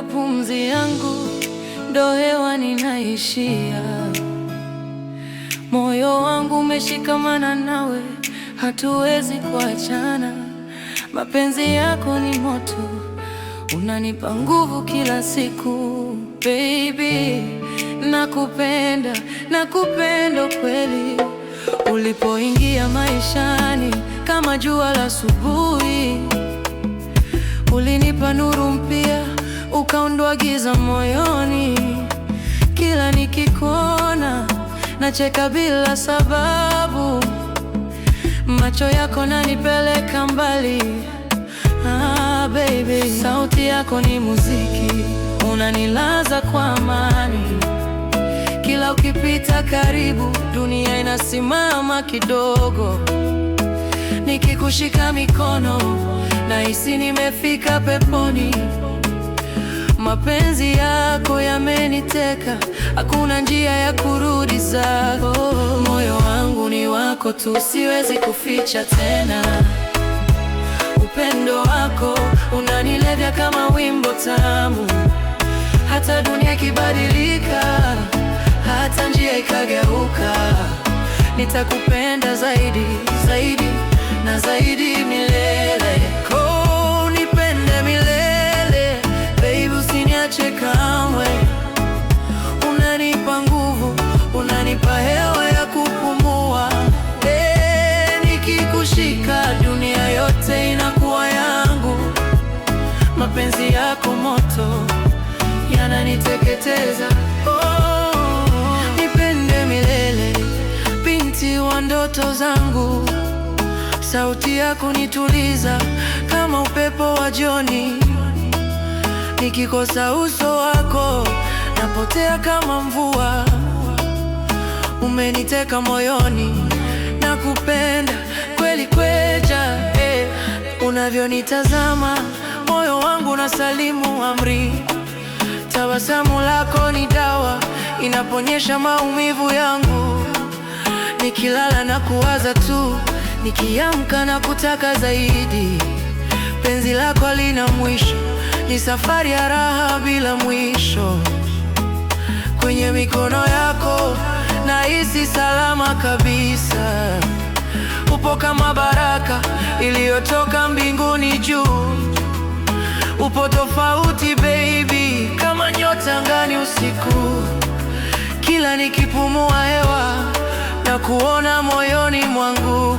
ndo pumzi yangu, ndo hewa ninaishia. Moyo wangu umeshikamana nawe, hatuwezi kuachana. Mapenzi yako ni moto, unanipa nguvu kila siku. Baby, nakupenda, nakupenda kweli. Ulipoingia maishani kama jua la asubuhi, ulinipa nuru mpya ukaondoa giza moyoni. Kila nikikuona nacheka bila sababu, macho yako nanipeleka mbali. Ah, baby, sauti yako ni muziki unanilaza kwa amani. Kila ukipita karibu, dunia inasimama kidogo. Nikikushika mikono nahisi nimefika peponi. Mapenzi yako yameniteka, hakuna njia ya kurudi zako. Moyo wangu ni wako tu, siwezi kuficha tena. Upendo wako unanilevya kama wimbo tamu, hata dunia ikibadilika, hata njia ikageuka, nitakupenda zaidi zaidi na zaidi milele. kushika, dunia yote inakuwa yangu. Mapenzi yako moto yananiteketeza. Oh, nipende milele, binti wa ndoto zangu. Sauti yako nituliza kama upepo wa jioni. Nikikosa uso wako napotea kama mvua. Umeniteka moyoni, nakupenda nilikweja eh, unavyonitazama moyo wangu na salimu amri. Tabasamu lako ni dawa inaponyesha maumivu yangu. Nikilala na kuwaza tu, nikiamka na kutaka zaidi. Penzi lako lina mwisho, ni safari ya raha bila mwisho. Kwenye mikono yako nahisi salama kabisa. Upo kama baraka iliyotoka mbinguni juu, upo tofauti baby, kama nyota ngani usiku. Kila nikipumua hewa na kuona moyoni mwangu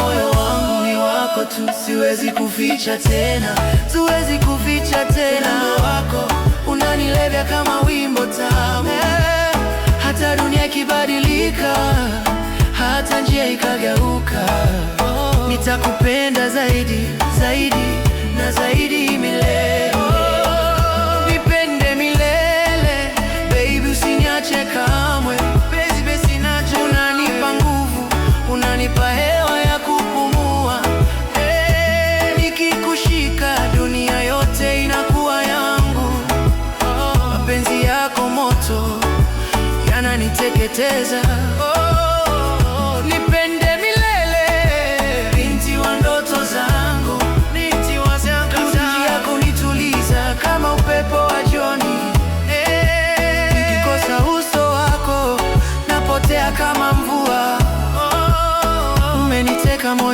moyo wangu ni wako tu, siwezi kuficha tena, siwezi kumbuka, nitakupenda zaidi zaidi na zaidi milele, nipende milele baby, usiniache kamwe, unanipa nguvu, unanipa hewa ya kupumua. Hey, eh, nikikushika dunia yote inakuwa yangu, mapenzi yako moto yananiteketeza.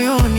moyoni